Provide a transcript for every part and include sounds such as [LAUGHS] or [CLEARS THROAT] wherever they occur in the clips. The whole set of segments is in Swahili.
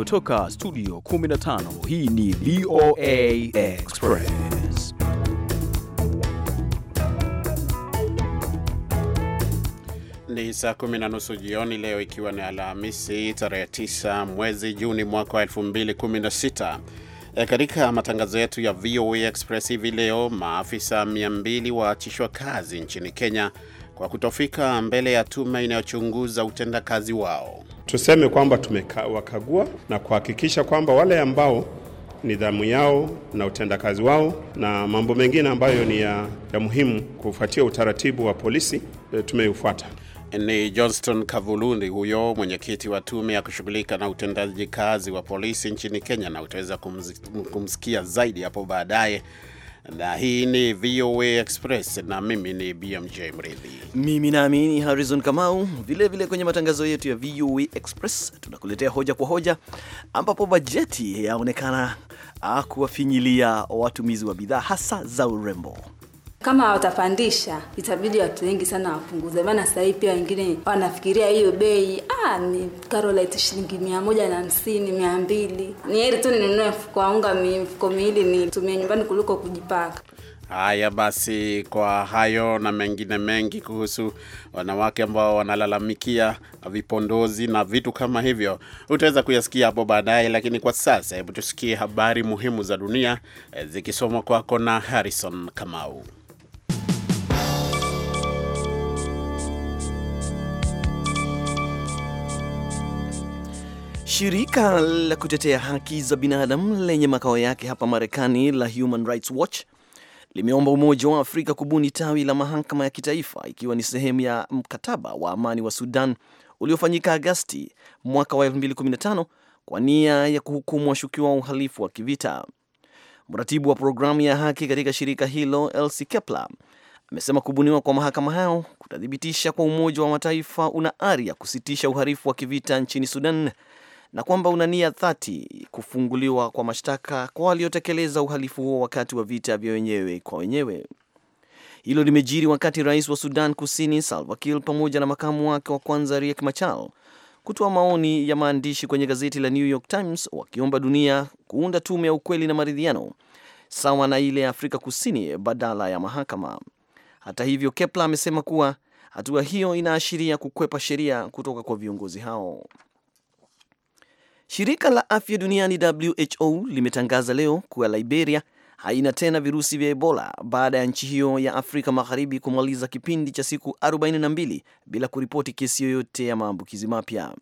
kutoka studio 15 hii ni VOA Express ni saa kumi na nusu jioni leo ikiwa ni Alhamisi tarehe 9 mwezi Juni mwaka wa 2016 E, katika matangazo yetu ya VOA Express hivi leo maafisa 200 waachishwa kazi nchini Kenya kwa kutofika mbele ya tume inayochunguza utendakazi wao. Tuseme kwamba tumewakagua na kuhakikisha kwamba wale ambao nidhamu yao na utendakazi wao na mambo mengine ambayo ni ya, ya muhimu kufuatia utaratibu wa polisi e, Ni Johnston kavulundi huyo mwenyekiti wa tume ya kushughulika na utendaji kazi wa polisi nchini Kenya, na utaweza kumsikia zaidi hapo baadaye na hii ni VOA Express na mimi ni BMJ Mridhi. Mimi nami ni Harrison Kamau. Vilevile vile kwenye matangazo yetu ya VOA Express tunakuletea hoja kwa hoja, ambapo bajeti yaonekana ah, kuwafinyilia watumizi wa bidhaa hasa za urembo. Kama watapandisha itabidi watu wengi sana wapunguze, maana sasa hivi pia wengine wanafikiria hiyo bei ah, ni Carolite shilingi mia moja na hamsini mia mbili Ni heri tu ninunue mfuko wa unga mifuko miwili nitumie nyumbani kuliko kujipaka. Haya basi, kwa hayo na mengine mengi kuhusu wanawake ambao wanalalamikia vipondozi na vitu kama hivyo, utaweza kuyasikia hapo baadaye, lakini kwa sasa, hebu tusikie habari muhimu za dunia eh, zikisomwa kwako na Harrison Kamau. Shirika la kutetea haki za binadamu lenye makao yake hapa Marekani la Human Rights Watch limeomba Umoja wa Afrika kubuni tawi la mahakama ya kitaifa ikiwa ni sehemu ya mkataba wa amani wa Sudan uliofanyika Agasti mwaka wa 2015 kwa nia ya kuhukumu washukiwa wa uhalifu wa kivita. Mratibu wa programu ya haki katika shirika hilo Elsie Kepler amesema kubuniwa kwa mahakama hayo kutathibitisha kwa Umoja wa Mataifa una ari ya kusitisha uhalifu wa kivita nchini Sudan na kwamba una nia dhati kufunguliwa kwa mashtaka kwa waliotekeleza uhalifu huo wakati wa vita vya wenyewe kwa wenyewe. Hilo limejiri wakati rais wa Sudan Kusini Salva Kiir pamoja na makamu wake wa kwanza Riek Machar kutoa maoni ya maandishi kwenye gazeti la New York Times wakiomba dunia kuunda tume ya ukweli na maridhiano sawa na ile ya Afrika Kusini badala ya mahakama. Hata hivyo, Kepler amesema kuwa hatua hiyo inaashiria kukwepa sheria kutoka kwa viongozi hao. Shirika la afya duniani WHO limetangaza leo kuwa Liberia haina tena virusi vya Ebola baada ya nchi hiyo ya Afrika Magharibi kumaliza kipindi cha siku 42 bila kuripoti kesi yoyote ya maambukizi mapya.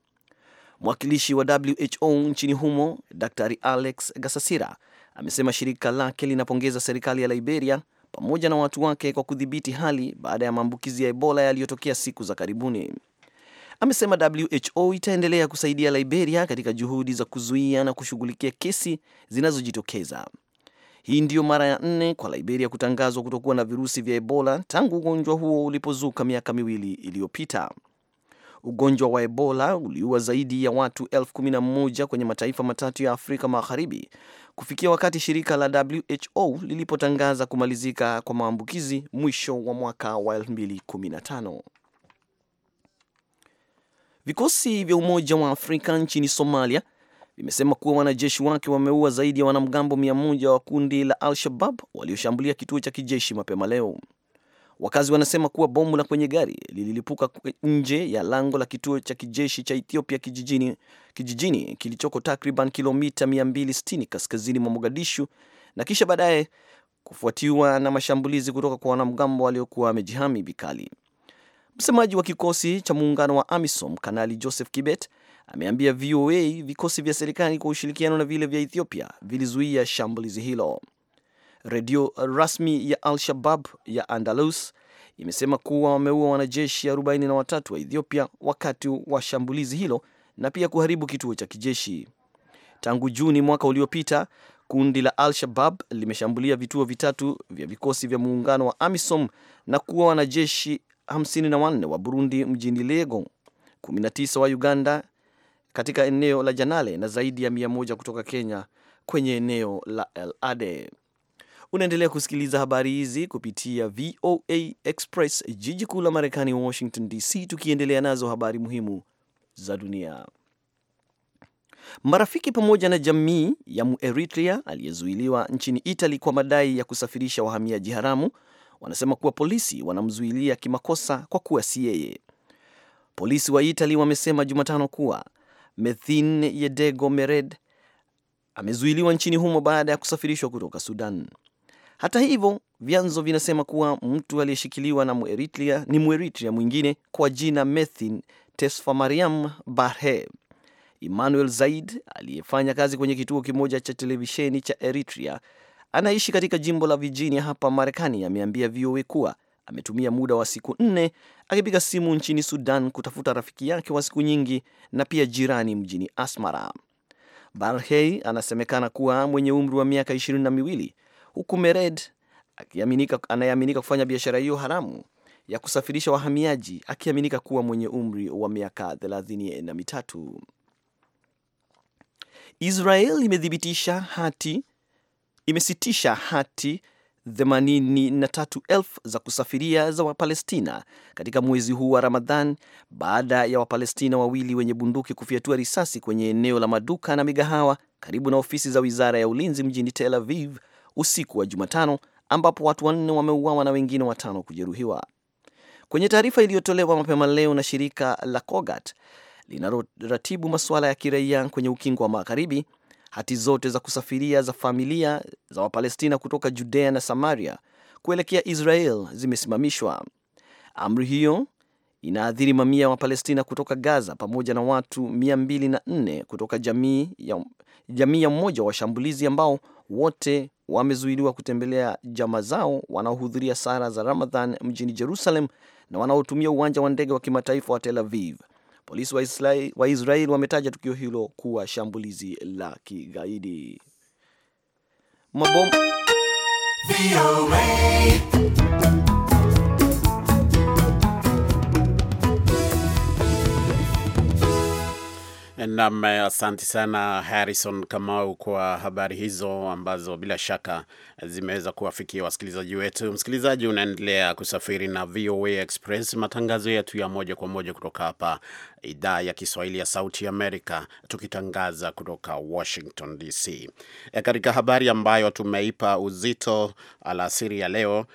Mwakilishi wa WHO nchini humo dr Alex Gasasira amesema shirika lake linapongeza serikali ya Liberia pamoja na watu wake kwa kudhibiti hali baada ya maambukizi ya Ebola yaliyotokea siku za karibuni. Amesema WHO itaendelea kusaidia Liberia katika juhudi za kuzuia na kushughulikia kesi zinazojitokeza. Hii ndiyo mara ya nne kwa Liberia kutangazwa kutokuwa na virusi vya Ebola tangu ugonjwa huo ulipozuka miaka miwili iliyopita. Ugonjwa wa Ebola uliua zaidi ya watu elfu kumi na moja kwenye mataifa matatu ya Afrika Magharibi kufikia wakati shirika la WHO lilipotangaza kumalizika kwa maambukizi mwisho wa mwaka wa 2015. Vikosi vya Umoja wa Afrika nchini Somalia vimesema kuwa wanajeshi wake wameua zaidi ya wanamgambo mia moja wa kundi la Al-Shabab walioshambulia kituo cha kijeshi mapema leo. Wakazi wanasema kuwa bomu la kwenye gari lililipuka nje ya lango la kituo cha kijeshi cha Ethiopia kijijini, kijijini kilichoko takriban kilomita 260 kaskazini mwa Mogadishu na kisha baadaye kufuatiwa na mashambulizi kutoka kwa wanamgambo waliokuwa wamejihami vikali. Msemaji wa kikosi cha muungano wa AMISOM Kanali Joseph Kibet ameambia VOA vikosi vya serikali kwa ushirikiano na vile vya Ethiopia vilizuia shambulizi hilo. Redio rasmi ya Al-Shabab ya Andalus imesema kuwa wameua wanajeshi 43 wa Ethiopia wakati wa shambulizi hilo na pia kuharibu kituo cha kijeshi. Tangu Juni mwaka uliopita, kundi la Al-Shabab limeshambulia vituo vitatu vya vikosi vya muungano wa AMISOM na kuua wanajeshi 54 wa Burundi mjini Lego, 19 wa Uganda katika eneo la Janale na zaidi ya 100 kutoka Kenya kwenye eneo la El Ade. Unaendelea kusikiliza habari hizi kupitia VOA Express, jiji kuu la Marekani, Washington DC, tukiendelea nazo habari muhimu za dunia. Marafiki pamoja na jamii ya Mueritrea aliyezuiliwa nchini Italy kwa madai ya kusafirisha wahamiaji haramu wanasema kuwa polisi wanamzuilia kimakosa kwa kuwa si yeye. Polisi wa Itali wamesema Jumatano kuwa Methin Yedego Mered amezuiliwa nchini humo baada ya kusafirishwa kutoka Sudan. Hata hivyo, vyanzo vinasema kuwa mtu aliyeshikiliwa na Mueritria ni Mueritria mwingine kwa jina Methin Tesfamariam Barhe Emmanuel Zaid aliyefanya kazi kwenye kituo kimoja cha televisheni cha Eritrea anaishi katika jimbo la Virginia hapa Marekani ameambia VOA kuwa ametumia muda wa siku nne akipiga simu nchini Sudan kutafuta rafiki yake wa siku nyingi na pia jirani mjini Asmara. Barhei anasemekana kuwa mwenye umri wa miaka ishirini na miwili huku Mered anayeaminika kufanya biashara hiyo haramu ya kusafirisha wahamiaji akiaminika kuwa mwenye umri wa miaka thelathini na mitatu. Israel imethibitisha hati imesitisha hati 83,000 za kusafiria za Wapalestina katika mwezi huu wa Ramadhan baada ya Wapalestina wawili wenye bunduki kufyatua risasi kwenye eneo la maduka na migahawa karibu na ofisi za wizara ya ulinzi mjini Tel Aviv usiku wa Jumatano, ambapo watu wanne wameuawa na wengine watano kujeruhiwa. Kwenye taarifa iliyotolewa mapema leo na shirika la COGAT linaloratibu masuala ya kiraia kwenye ukingo wa Magharibi, hati zote za kusafiria za familia za Wapalestina kutoka Judea na Samaria kuelekea Israel zimesimamishwa. Amri hiyo inaathiri mamia ya Wapalestina kutoka Gaza pamoja na watu 204 kutoka jamii ya, jamii ya mmoja wa washambulizi ambao wote wamezuiliwa kutembelea jama zao wanaohudhuria sara za Ramadhan mjini Jerusalem na wanaotumia uwanja wa ndege wa kimataifa wa Tel Aviv. Polisi wa Israeli wametaja tukio hilo kuwa shambulizi la kigaidi. Mabomu Nam, asante sana Harrison Kamau kwa habari hizo ambazo bila shaka zimeweza kuwafikia wasikilizaji wetu. Msikilizaji, unaendelea kusafiri na VOA Express, matangazo yetu ya moja kwa moja kutoka hapa idhaa ya Kiswahili ya Sauti Amerika, tukitangaza kutoka Washington DC. E, katika habari ambayo tumeipa uzito alasiri ya leo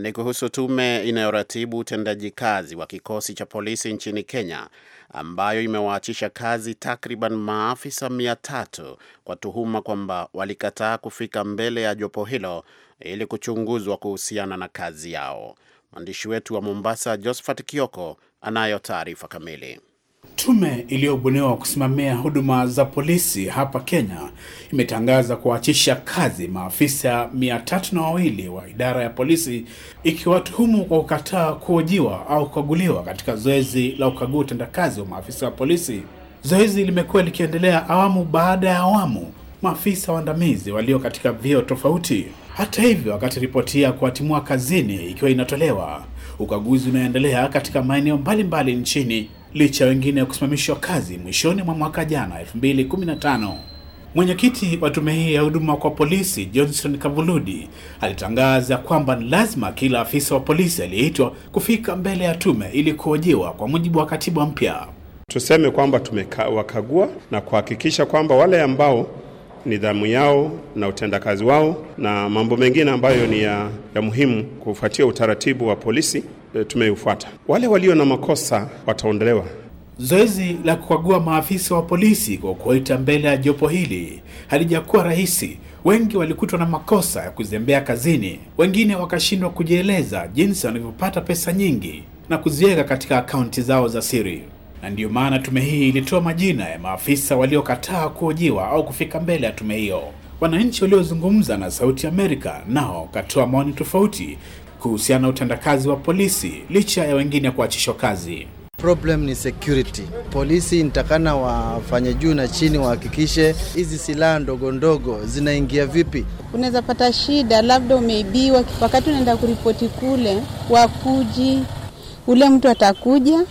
ni kuhusu tume inayoratibu utendaji kazi wa kikosi cha polisi nchini Kenya ambayo imewaachisha kazi takriban maafisa mia tatu kwa tuhuma kwamba walikataa kufika mbele ya jopo hilo ili kuchunguzwa kuhusiana na kazi yao. Mwandishi wetu wa Mombasa, Josephat Kioko, anayo taarifa kamili. Tume iliyobuniwa kusimamia huduma za polisi hapa Kenya imetangaza kuachisha kazi maafisa mia tatu na wawili wa idara ya polisi ikiwatuhumu kwa kukataa kuhojiwa au kukaguliwa katika zoezi la ukagua utendakazi wa maafisa wa polisi. Zoezi limekuwa likiendelea awamu baada ya awamu, maafisa waandamizi walio katika vyeo tofauti. Hata hivyo, wakati ripoti ya kuwatimua kazini ikiwa inatolewa Ukaguzi unaendelea katika maeneo mbalimbali nchini licha wengine ya kusimamishwa kazi mwishoni mwa mwaka jana 2015. Mwenyekiti wa tume hii ya huduma kwa polisi Johnson Kavuludi alitangaza kwamba ni lazima kila afisa wa polisi aliyeitwa kufika mbele ya tume ili kuhojiwa kwa mujibu wa katiba mpya. Tuseme kwamba tumewakagua na kuhakikisha kwamba wale ambao nidhamu yao na utendakazi wao na mambo mengine ambayo ni ya, ya muhimu kufuatia utaratibu wa polisi e, tumeufuata Wale walio na makosa wataondolewa. Zoezi la kukagua maafisa wa polisi kwa kuwaita mbele ya jopo hili halijakuwa rahisi. Wengi walikutwa na makosa ya kuzembea kazini, wengine wakashindwa kujieleza jinsi wanavyopata pesa nyingi na kuziweka katika akaunti zao za siri na ndiyo maana tume hii ilitoa majina ya maafisa waliokataa kuojiwa au kufika mbele ya tume hiyo. Wananchi waliozungumza na Sauti Amerika nao katoa maoni tofauti kuhusiana na utendakazi wa polisi licha ya wengine kuachishwa kazi. Problem ni security. Polisi nitakana wafanye juu na chini, wahakikishe hizi silaha ndogo ndogo zinaingia vipi. Unaweza pata shida, labda umeibiwa, wakati unaenda kuripoti kule wakuji, ule mtu atakuja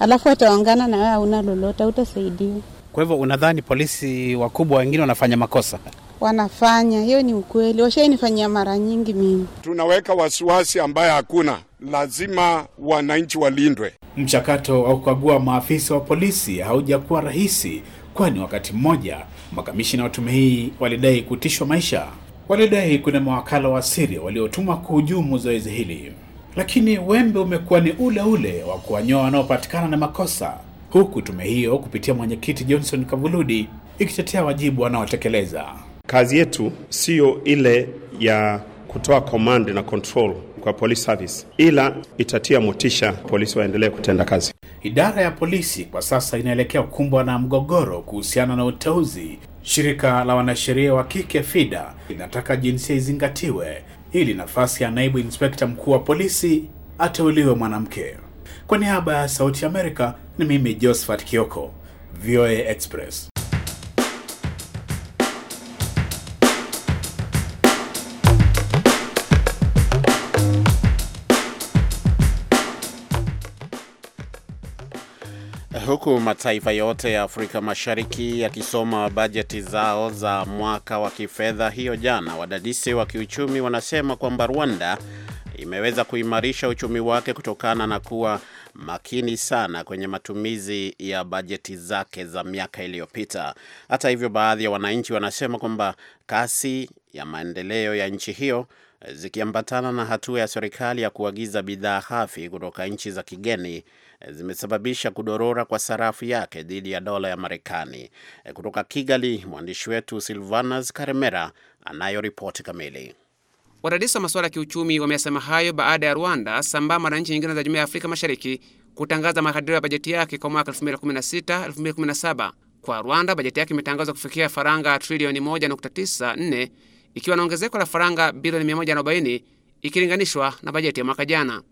alafu wataongana na wewe, hauna lolote, utasaidiwa. Kwa hivyo unadhani polisi wakubwa wengine wanafanya makosa? Wanafanya, hiyo ni ukweli, washainifanyia mara nyingi. Mimi tunaweka wasiwasi ambaye hakuna, lazima wananchi walindwe. Mchakato wa kukagua maafisa wa polisi haujakuwa rahisi, kwani wakati mmoja makamishina wa tume hii walidai kutishwa maisha. Walidai kuna mawakala wa siri waliotumwa kuhujumu zoezi hili lakini wembe umekuwa ni ule ule wa kuwanyoa wanaopatikana na makosa, huku tume hiyo kupitia mwenyekiti Johnson Kavuludi ikitetea wajibu wanaotekeleza. Kazi yetu siyo ile ya kutoa command na control kwa police service, ila itatia motisha polisi waendelee kutenda kazi. Idara ya polisi kwa sasa inaelekea kukumbwa na mgogoro kuhusiana na uteuzi. Shirika la wanasheria wa kike FIDA linataka jinsia izingatiwe ili nafasi ya naibu inspekta mkuu wa polisi ateuliwe mwanamke. Kwa niaba ya Sauti Amerika, ni mimi Josephat Kioko, VOA Express. Huku mataifa yote ya Afrika Mashariki yakisoma bajeti zao za mwaka wa kifedha hiyo jana, wadadisi wa kiuchumi wanasema kwamba Rwanda imeweza kuimarisha uchumi wake kutokana na kuwa makini sana kwenye matumizi ya bajeti zake za miaka iliyopita. Hata hivyo, baadhi ya wananchi wanasema kwamba kasi ya maendeleo ya nchi hiyo zikiambatana na hatua ya serikali ya kuagiza bidhaa hafi kutoka nchi za kigeni eh, zimesababisha kudorora kwa sarafu yake dhidi ya dola ya Marekani. Eh, kutoka Kigali, mwandishi wetu Silvanas Karemera anayo ripoti kamili. Wadadisi wa masuala ya kiuchumi wameyasema hayo baada ya Rwanda sambamba na nchi nyingine za Jumuiya ya Afrika Mashariki kutangaza makadirio ya bajeti yake kwa mwaka 2016 2017. Kwa Rwanda, bajeti yake imetangazwa kufikia faranga trilioni 1.94 ikiwa na ongezeko la faranga bilioni 140 ikilinganishwa na bajeti ya mwaka jana.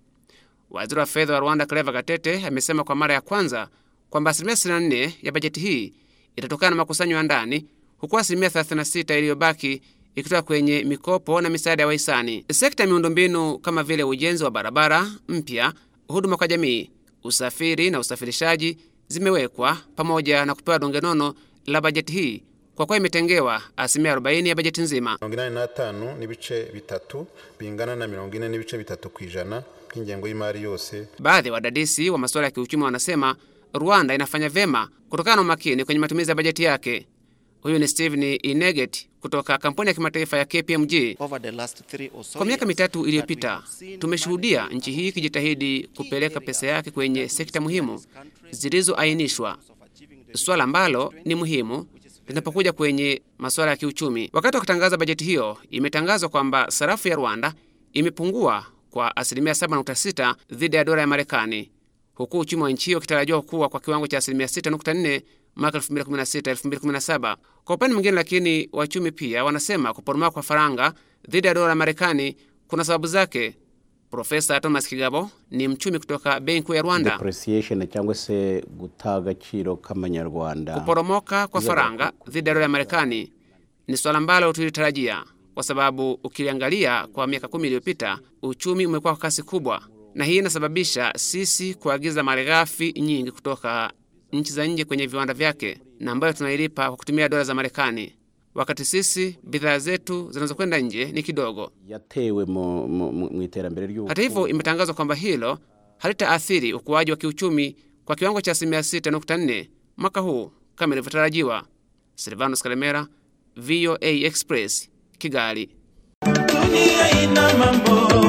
Waziri wa fedha wa Rwanda Claver Gatete amesema kwa mara ya kwanza kwamba asilimia 64 ya bajeti hii itatokana na makusanyo ya ndani, huku asilimia 36 iliyobaki ikitoka kwenye mikopo na misaada ya wahisani. Sekta ya miundombinu kama vile ujenzi wa barabara mpya, huduma kwa jamii, usafiri na usafirishaji zimewekwa pamoja na kupewa donge nono la bajeti hii kwa kuwa imetengewa asilimia 40 ya bajeti nzima. mirongo inani n'atanu n'ibice bitatu bingana na mirongo n'ibice bitatu ku ijana y'imari yose. Baadhi ya wadadisi wa masuala ya kiuchumi wanasema Rwanda inafanya vyema kutokana na umakini kwenye matumizi ya bajeti yake. Huyu ni Steven Ineget kutoka kampuni ya kimataifa ya KPMG. Kwa miaka mitatu iliyopita, tumeshuhudia nchi hii ikijitahidi kupeleka pesa yake kwenye sekta muhimu zilizoainishwa, swala ambalo ni muhimu linapokuja kwenye masuala ya kiuchumi. Wakati wa kutangaza bajeti hiyo, imetangazwa kwamba sarafu ya Rwanda imepungua kwa asilimia 7.6 dhidi ya dola ya Marekani, huku uchumi wa nchi hiyo ukitarajiwa kuwa kwa kiwango cha asilimia 6.4 mwaka 2016 2017. Kwa upande mwingine, lakini wachumi pia wanasema kuporomoka kwa faranga dhidi ya dola ya Marekani kuna sababu zake Profesa Thomas Kigabo ni mchumi kutoka Benki ya Rwanda. Depreciation cyangwa se guta agaciro k'amanyarwanda, kuporomoka kwa faranga dhidi ya dola ya Marekani ni swala ambalo tulitarajia, kwa sababu ukiliangalia kwa miaka kumi iliyopita uchumi umekuwa kwa kasi kubwa, na hii inasababisha sisi kuagiza malighafi nyingi kutoka nchi za nje kwenye viwanda vyake na ambayo tunailipa kwa kutumia dola za Marekani wakati sisi bidhaa zetu zinazokwenda nje ni kidogo. Hata hivyo, imetangazwa kwamba hilo halitaathiri ukuaji wa kiuchumi kwa kiwango cha asilimia 6.4 mwaka huu kama ilivyotarajiwa. Silvanos kalemera VOA Express, Kigali. Dunia ina mambo.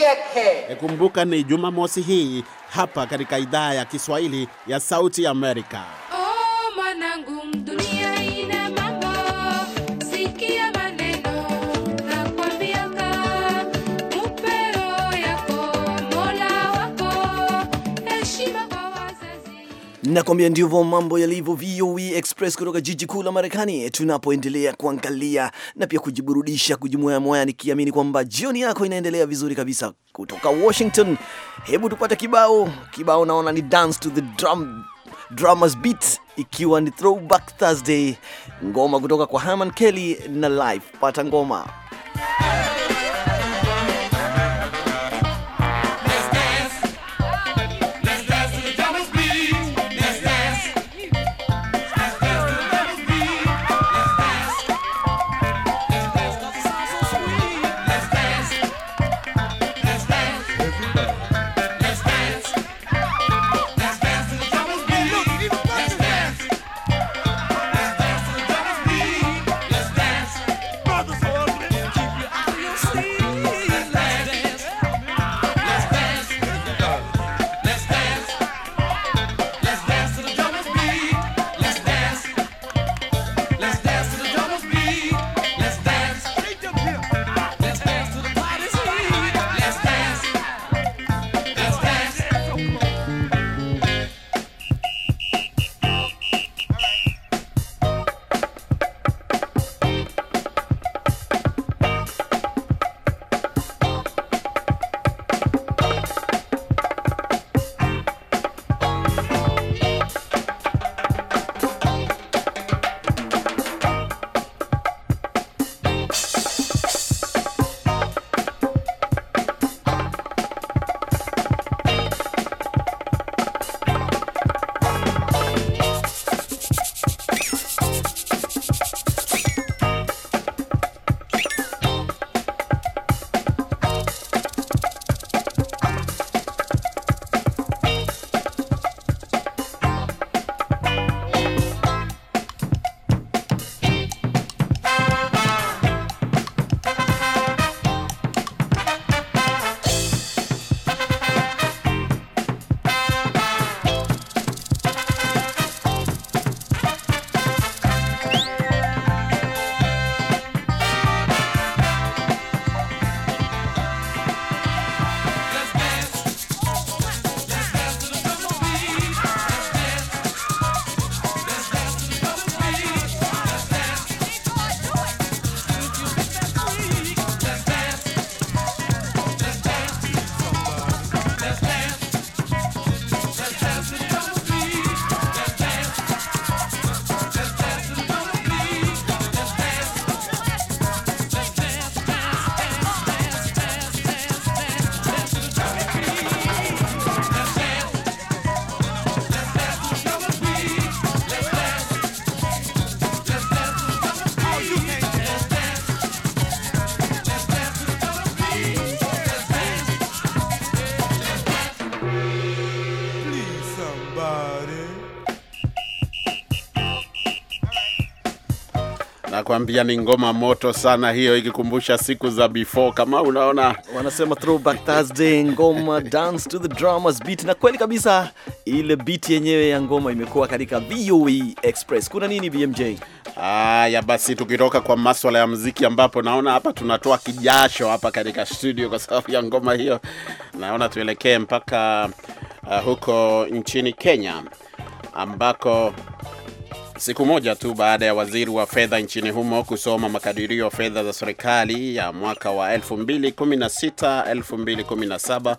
yake. Kumbuka ni Jumamosi hii hapa katika idhaa ya Kiswahili ya Sauti Amerika. Oh, mwanangu dunia Nakwambia ndivyo mambo yalivyo. VOA e Express kutoka jiji kuu la Marekani, tunapoendelea kuangalia na pia kujiburudisha, kujimoya moya, nikiamini kwamba jioni yako inaendelea vizuri kabisa. Kutoka Washington, hebu tupate kibao kibao, naona ni dance to the drum drummers beat, ikiwa ni throwback Thursday, ngoma kutoka kwa Herman Kelly na live pata ngoma Nakwambia ni ngoma moto sana hiyo, ikikumbusha siku za before. Kama unaona wanasema throwback Thursday, ngoma dance to the drummers beat, na kweli kabisa ile beat yenyewe ya ngoma imekuwa katika VOE Express. Kuna nini BMJ? Haya basi, tukitoka kwa maswala ya mziki, ambapo naona hapa tunatoa kijasho hapa katika studio kwa sababu ya ngoma hiyo, naona tuelekee mpaka uh, huko nchini Kenya ambako Siku moja tu baada ya waziri wa fedha nchini humo kusoma makadirio ya fedha za serikali ya mwaka wa 2016 2017,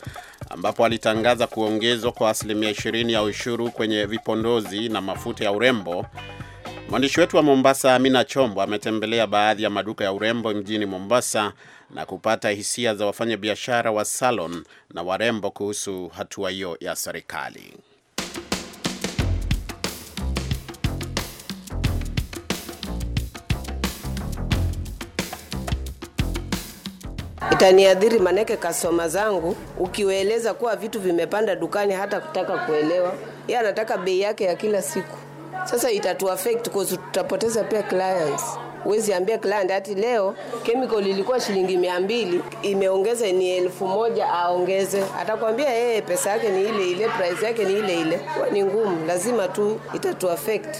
ambapo alitangaza kuongezwa kwa asilimia 20 ya ushuru kwenye vipondozi na mafuta ya urembo. Mwandishi wetu wa Mombasa, Amina Chombo, ametembelea baadhi ya maduka ya urembo mjini Mombasa na kupata hisia za wafanyabiashara wa salon na warembo kuhusu hatua hiyo ya serikali. itaniadhiri manake kasoma zangu ukiwaeleza kuwa vitu vimepanda dukani hata kutaka kuelewa ye anataka bei yake ya kila siku sasa itatuaffect tutapoteza pia clients huwezi ambia client hati leo chemical ilikuwa shilingi mia mbili imeongeza ni elfu moja aongeze atakwambia yeye eh, pesa yake ni ile ile price yake ni ile ile ni ngumu lazima tu itatuaffect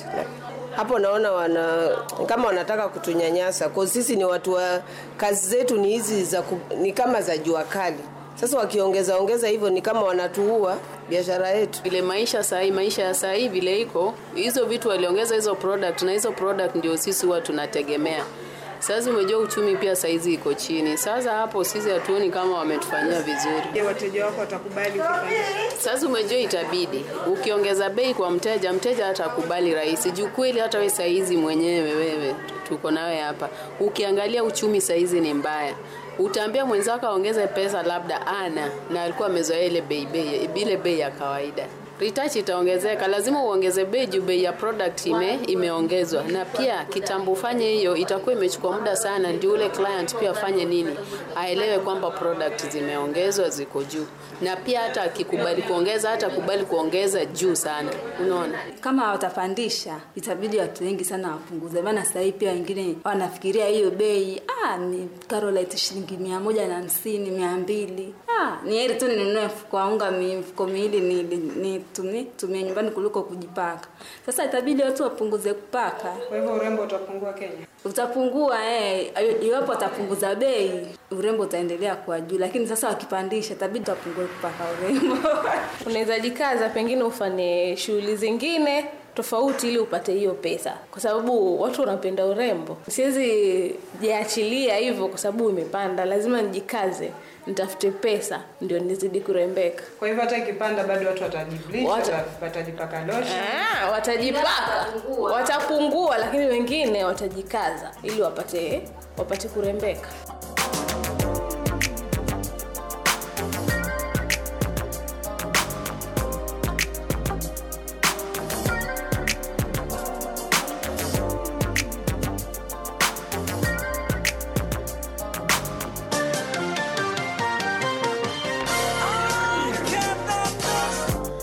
hapo naona wana kama wanataka kutunyanyasa kwa sisi ni watu wa kazi zetu ni hizi za ni kama za jua kali sasa wakiongeza ongeza hivyo ni kama wanatuua biashara yetu. Vile maisha sahi maisha ya saa vile iko, hizo vitu waliongeza hizo product, na hizo product ndio sisi huwa tunategemea. Sasa umejua uchumi pia saizi iko chini. Sasa hapo sisi hatuoni kama wametufanyia vizuri. Je, wateja wako watakubali kufanya? Sasa umejua itabidi. Ukiongeza bei kwa mteja, mteja hatakubali rahisi. Juu kweli hata wewe saizi mwenyewe wewe tuko nawe hapa. Ukiangalia uchumi saizi ni mbaya. Utaambia mwenzako aongeze pesa labda ana na alikuwa amezoea ile bei bei bei ya kawaida ritachi itaongezeka, lazima uongeze bei juu bei ya product ime, imeongezwa. Na pia kitambo ufanye hiyo itakuwa imechukua muda sana, ndio ule client pia afanye nini, aelewe kwamba product zimeongezwa ziko juu, na pia hata akikubali kuongeza, hata kubali kuongeza juu sana, unaona. Kama watapandisha, itabidi watu wengi sana wapunguze, maana sasa hivi pia wengine wanafikiria hiyo bei ah, ni Carolite shilingi 150 200 ah, ni heri tu ninunue mfuko wa unga mifuko miili ni, ni, ni tumi, tumia nyumbani kuliko kujipaka. Sasa itabidi watu wapunguze kupaka. Kwa hivyo urembo utapungua Kenya? Utapungua eh, iwapo watapunguza bei, urembo utaendelea kuwa juu, lakini sasa wakipandisha, itabidi tupungue kupaka urembo. [LAUGHS] Unaweza jikaza, pengine ufanye shughuli zingine tofauti ili upate hiyo pesa, kwa sababu watu wanapenda urembo. Siwezi jiachilia hivyo kwa sababu imepanda, lazima nijikaze nitafute pesa ndio nizidi kurembeka. Kwa hivyo hata ikipanda bado watu watajipaka lotion, ah, watajipaka, watapungua, lakini wengine watajikaza ili wapate wapate kurembeka.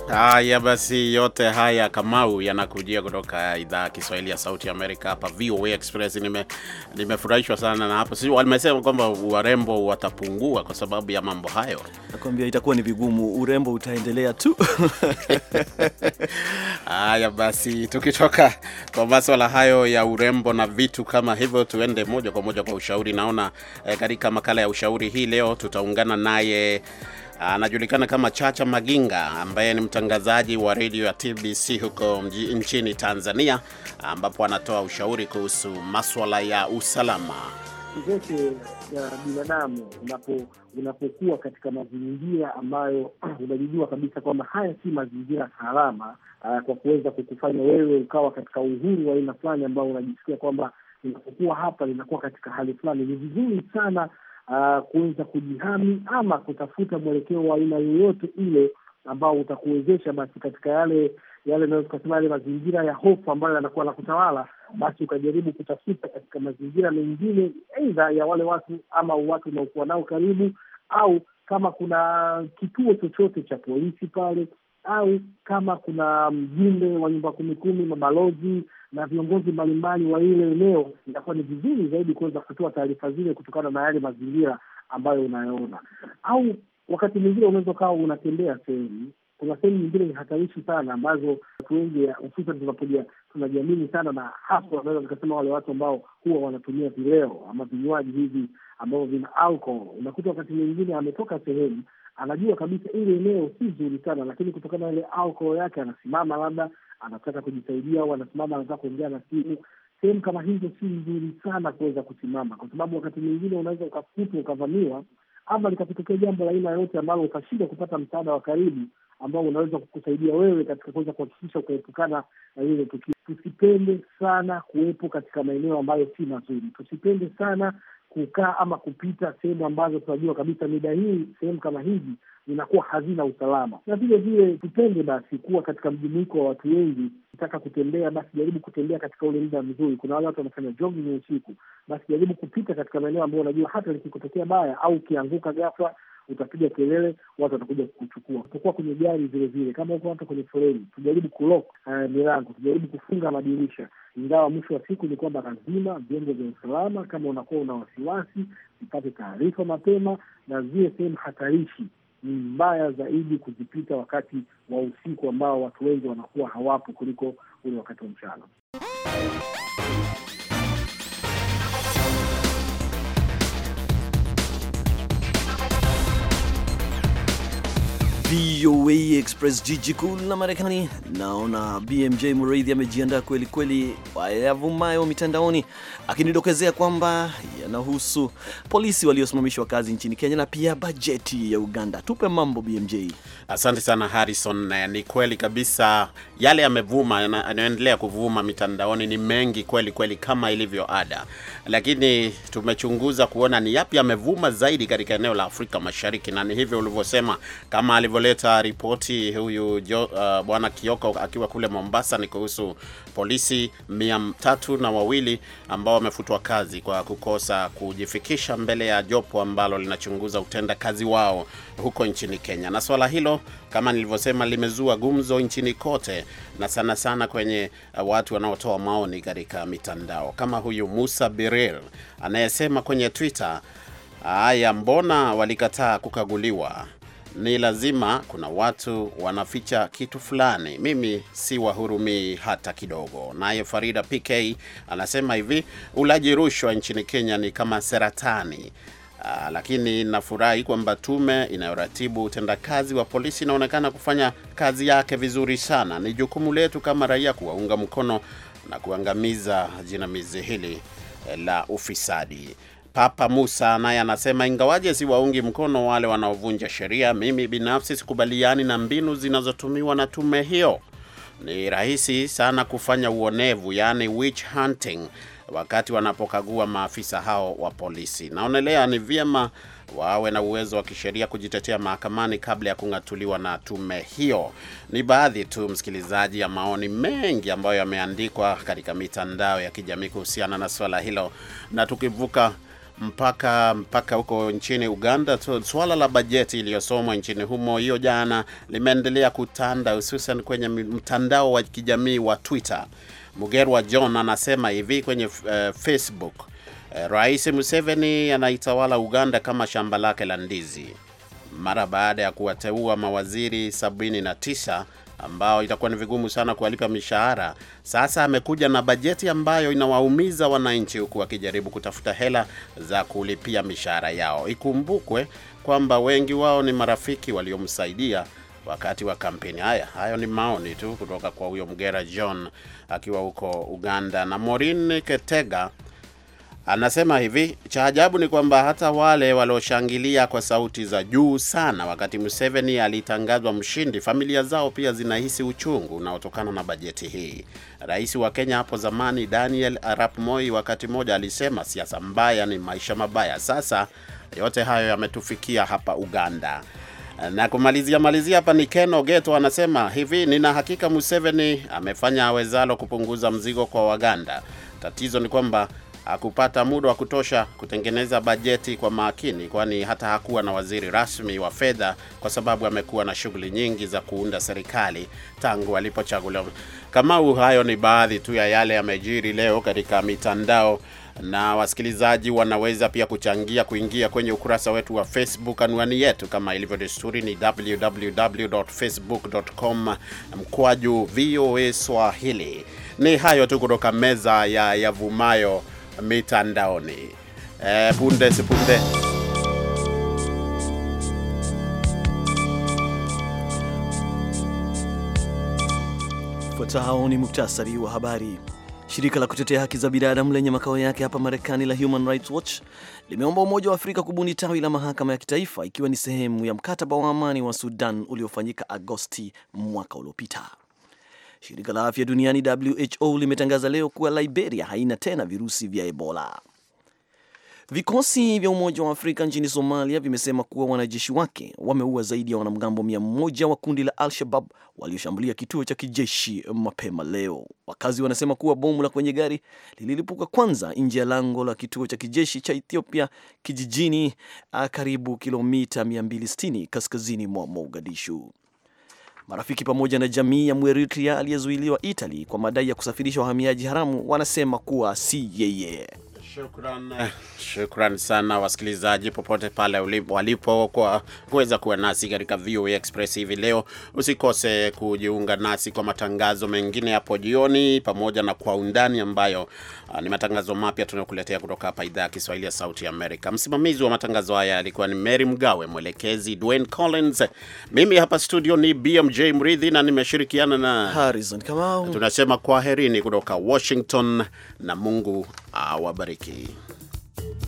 Haya basi, yote haya Kamau, yanakujia kutoka idhaa ya Kiswahili ya Sauti ya Amerika hapa VOA Express. Nime nimefurahishwa sana na hapo, si wamesema kwamba warembo watapungua kwa sababu ya mambo hayo. Nakwambia itakuwa ni vigumu, urembo utaendelea tu. [LAUGHS] Haya basi, tukitoka kwa maswala hayo ya urembo na vitu kama hivyo, tuende moja kwa moja kwa ushauri. Naona eh, katika makala ya ushauri hii leo tutaungana naye anajulikana kama Chacha Maginga ambaye ni mtangazaji wa redio ya TBC huko nchini Tanzania, ambapo anatoa ushauri kuhusu maswala ya usalama zote ya binadamu. Unapo, unapokuwa katika mazingira ambayo [CLEARS THROAT] unajijua kabisa kwamba haya si mazingira salama, ah, kwa kuweza kukufanya wewe ukawa katika uhuru wa aina fulani ambao unajisikia kwamba inapokuwa hapa linakuwa katika hali fulani, ni vizuri sana Ah, kuweza kujihami ama kutafuta mwelekeo wa aina yoyote ile ambao utakuwezesha basi katika yale yale naweza tukasema yale mazingira ya hofu ambayo yanakuwa na kutawala, basi ukajaribu kutafuta katika mazingira mengine, aidha ya wale watu ama watu unaokuwa nao karibu, au kama kuna kituo chochote cha polisi pale au kama kuna mjumbe wa nyumba kumi kumi, mabalozi na viongozi mbalimbali wa ile eneo, inakuwa ni vizuri zaidi kuweza kutoa taarifa zile kutokana na yale mazingira ambayo unayoona. Au wakati mwingine unaweza ukawa unatembea sehemu, kuna sehemu nyingine ni hatarishi sana, ambazo watu wengi hususan tunapoja tunajiamini sana, na hasa wanaweza nikasema wale watu ambao huwa wanatumia vileo ama vinywaji hivi ambavyo vina alcohol, unakuta wakati mwingine ametoka sehemu anajua kabisa ile eneo si zuri sana, lakini kutokana na ile alcohol yake anasimama, labda anataka kujisaidia, au anasimama anataka kuongea na simu. Sehemu kama hizo si nzuri sana kuweza kusimama, kwa sababu wakati mwingine unaweza ukafutwa, ukavamiwa, ama likatokea jambo la aina yoyote ambalo ukashindwa kupata msaada wa karibu ambao unaweza kukusaidia wewe katika kuweza kuhakikisha ukaepukana na ile tukio. Tusipende sana kuwepo katika maeneo ambayo si mazuri, tusipende sana kukaa ama kupita sehemu ambazo tunajua kabisa mida hii sehemu kama hizi zinakuwa hazina usalama. Na vile vile tupende basi kuwa katika mjumuiko wa watu wengi. Ukitaka kutembea, basi jaribu kutembea katika ule muda mzuri. Kuna wale watu wanafanya jogging usiku, basi jaribu kupita katika maeneo ambayo unajua hata likikutokea baya au ukianguka ghafla utapiga kelele, watu watakuja kuchukua Unapokuwa kwenye gari vile vile, kama uko watu kwenye foleni, tujaribu kulock uh, milango, tujaribu kufunga madirisha, ingawa mwisho wa siku ni kwamba lazima vyombo vya usalama, kama unakuwa una wasiwasi, zipate taarifa mapema, na zile sehemu hatarishi ni mbaya zaidi kuzipita wakati wa usiku ambao watu wengi wanakuwa hawapo kuliko ule wakati wa mchana. VOA Express, jiji kuu la Marekani. Naona BMJ Mureithi amejiandaa kweli kweli wayavumayo mitandaoni, akinidokezea kwamba yanahusu polisi waliosimamishwa kazi nchini Kenya na pia bajeti ya Uganda. Tupe mambo BMJ. Asante sana Harrison. Ni kweli kabisa yale yamevuma, yanaendelea kuvuma mitandaoni ni mengi kweli kweli, kama ilivyo ada, lakini tumechunguza kuona ni yapi yamevuma zaidi katika eneo la Afrika Mashariki, na ni hivyo ulivyosema, kama alivyo alivyoleta ripoti huyu uh, bwana Kioko akiwa kule Mombasa ni kuhusu polisi mia tatu na wawili ambao wamefutwa kazi kwa kukosa kujifikisha mbele ya jopo ambalo linachunguza utendakazi wao huko nchini Kenya. Na swala hilo kama nilivyosema, limezua gumzo nchini kote na sana sana kwenye uh, watu wanaotoa maoni katika mitandao kama huyu Musa Biril anayesema kwenye Twitter, haya, mbona walikataa kukaguliwa? ni lazima kuna watu wanaficha kitu fulani. Mimi si wahurumii hata kidogo. Naye Farida PK anasema hivi, ulaji rushwa nchini Kenya ni kama saratani. Aa, ah, lakini nafurahi kwamba tume inayoratibu utendakazi wa polisi inaonekana kufanya kazi yake vizuri sana. Ni jukumu letu kama raia kuwaunga mkono na kuangamiza jinamizi hili eh, la ufisadi. Papa Musa naye anasema ingawaje siwaungi mkono wale wanaovunja sheria, mimi binafsi sikubaliani na mbinu zinazotumiwa na tume hiyo. Ni rahisi sana kufanya uonevu, yaani witch hunting, wakati wanapokagua maafisa hao wa polisi. Naonelea ni vyema wawe na uwezo wa kisheria kujitetea mahakamani kabla ya kung'atuliwa na tume hiyo. Ni baadhi tu, msikilizaji, ya maoni mengi ambayo yameandikwa katika mitandao ya kijamii kuhusiana na swala hilo, na tukivuka mpaka mpaka huko nchini Uganda. Suala la bajeti iliyosomwa nchini humo hiyo jana limeendelea kutanda, hususan kwenye mtandao wa kijamii wa Twitter. Mugerwa John anasema hivi kwenye uh, Facebook uh, Rais Museveni anaitawala Uganda kama shamba lake la ndizi mara baada ya kuwateua mawaziri 79 ambao itakuwa ni vigumu sana kuwalipa mishahara. Sasa amekuja na bajeti ambayo inawaumiza wananchi, huku wakijaribu kutafuta hela za kulipia mishahara yao. Ikumbukwe kwamba wengi wao ni marafiki waliomsaidia wakati wa kampeni. Haya, hayo ni maoni tu kutoka kwa huyo Mgera John akiwa huko Uganda, na Morin Ketega Anasema hivi, cha ajabu ni kwamba hata wale walioshangilia kwa sauti za juu sana wakati Museveni alitangazwa mshindi, familia zao pia zinahisi uchungu unaotokana na bajeti hii. Rais wa Kenya hapo zamani Daniel Arap Moi wakati mmoja alisema siasa mbaya ni maisha mabaya. Sasa yote hayo yametufikia hapa Uganda. Na kumalizia malizia hapa ni Keno Geto anasema hivi, nina hakika Museveni amefanya awezalo kupunguza mzigo kwa Waganda. Tatizo ni kwamba hakupata muda wa kutosha kutengeneza bajeti kwa makini, kwani hata hakuwa na waziri rasmi wa fedha, kwa sababu amekuwa na shughuli nyingi za kuunda serikali tangu alipochaguliwa. Kamau, hayo ni baadhi tu ya yale yamejiri leo katika mitandao na wasikilizaji wanaweza pia kuchangia kuingia kwenye ukurasa wetu wa Facebook. Anwani yetu kama ilivyo desturi ni www.facebook.com mkwaju VOA Swahili. Ni hayo tu kutoka meza ya yavumayo mitandaoni. E, punde sipunde fuatao ni muktasari wa habari. Shirika la kutetea haki za binadamu lenye makao yake hapa Marekani la Human Rights Watch limeomba Umoja wa Afrika kubuni tawi la mahakama ya kitaifa ikiwa ni sehemu ya mkataba wa amani wa Sudan uliofanyika Agosti mwaka uliopita. Shirika la afya duniani WHO limetangaza leo kuwa Liberia haina tena virusi vya Ebola. Vikosi vya Umoja wa Afrika nchini Somalia vimesema kuwa wanajeshi wake wameua zaidi ya wanamgambo mia moja wa kundi la Al-Shabab walioshambulia kituo cha kijeshi mapema leo. Wakazi wanasema kuwa bomu la kwenye gari lililipuka kwanza nje ya lango la kituo cha kijeshi cha Ethiopia kijijini ah, karibu kilomita 260 kaskazini mwa Mogadishu. Marafiki pamoja na jamii ya Mweritria aliyezuiliwa Italy kwa madai ya kusafirisha wahamiaji haramu wanasema kuwa si yeye. Shukran, shukran sana wasikilizaji popote pale walipo kwa kuweza kuwa nasi katika VOA Express hivi leo. Usikose kujiunga nasi kwa matangazo mengine hapo jioni, pamoja na kwa undani ambayo ah, ni matangazo mapya tunayokuletea kutoka hapa idhaa ya Kiswahili ya Sauti ya Amerika. Msimamizi wa matangazo haya alikuwa ni Mary Mgawe, mwelekezi Dwayne Collins. Mimi hapa studio ni BMJ Mridhi na nimeshirikiana na Harrison Kamau. Tunasema kwaherini kutoka Washington na Mungu awabariki. Ah,